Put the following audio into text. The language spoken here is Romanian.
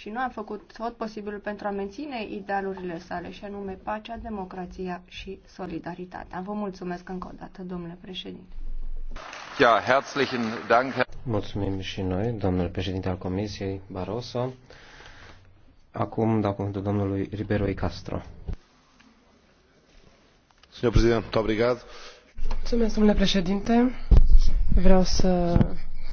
și nu a făcut tot posibilul pentru a menține idealurile sale, și anume pacea, democrația și solidaritatea. Vă mulțumesc încă o dată, domnule președinte. Ja, herzlichen Dank. Mulțumim și noi, domnul președinte al Comisiei Barroso. Acum dau cuvântul domnului Ribero Castro. Mulțumesc, domnule președinte. Vreau să